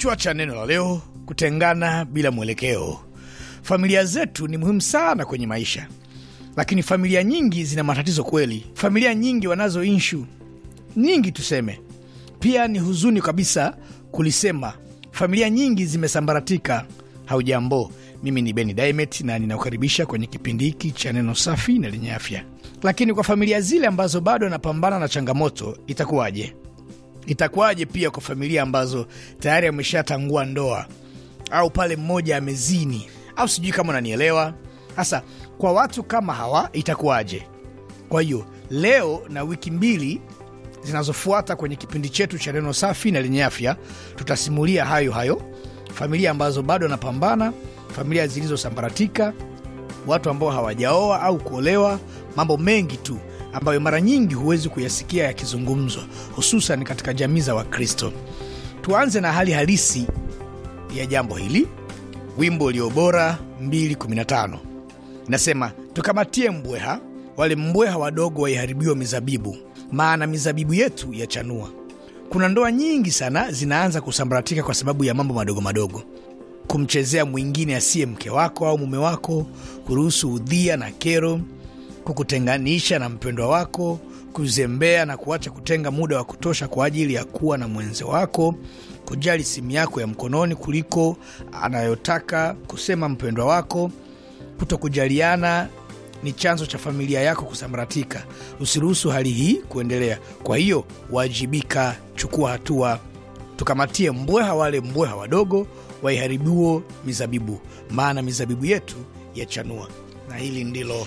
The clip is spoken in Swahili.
Kichwa cha neno la leo: kutengana bila mwelekeo. Familia zetu ni muhimu sana kwenye maisha, lakini familia nyingi zina matatizo kweli. Familia nyingi wanazo inshu nyingi, tuseme pia ni huzuni kabisa kulisema. Familia nyingi zimesambaratika. Haujambo, mimi ni Beni Dimet na ninakukaribisha kwenye kipindi hiki cha neno safi na lenye afya. Lakini kwa familia zile ambazo bado anapambana na changamoto, itakuwaje? Itakuwaje pia kwa familia ambazo tayari ameshatangua ndoa au pale mmoja amezini au sijui kama unanielewa. Sasa kwa watu kama hawa itakuwaje? Kwa hiyo leo na wiki mbili zinazofuata kwenye kipindi chetu cha neno safi na lenye afya, tutasimulia hayo hayo, familia ambazo bado wanapambana, familia zilizosambaratika, watu ambao hawajaoa au kuolewa, mambo mengi tu ambayo mara nyingi huwezi kuyasikia yakizungumzwa, hususan katika jamii za Wakristo. Tuanze na hali halisi ya jambo hili. Wimbo ulio bora 2:15 nasema, tukamatie mbweha wale mbweha wadogo waiharibiwa mizabibu, maana mizabibu yetu yachanua. Kuna ndoa nyingi sana zinaanza kusambaratika kwa sababu ya mambo madogo madogo: kumchezea mwingine asiye mke wako au mume wako, kuruhusu udhia na kero kukutenganisha na mpendwa wako, kuzembea na kuacha kutenga muda wa kutosha kwa ajili ya kuwa na mwenzi wako, kujali simu yako ya mkononi kuliko anayotaka kusema mpendwa wako. Kutokujaliana ni chanzo cha familia yako kusambaratika. Usiruhusu hali hii kuendelea. Kwa hiyo, wajibika, chukua hatua. Tukamatie mbweha wale mbweha wadogo waiharibuo mizabibu, maana mizabibu yetu yachanua. Na hili ndilo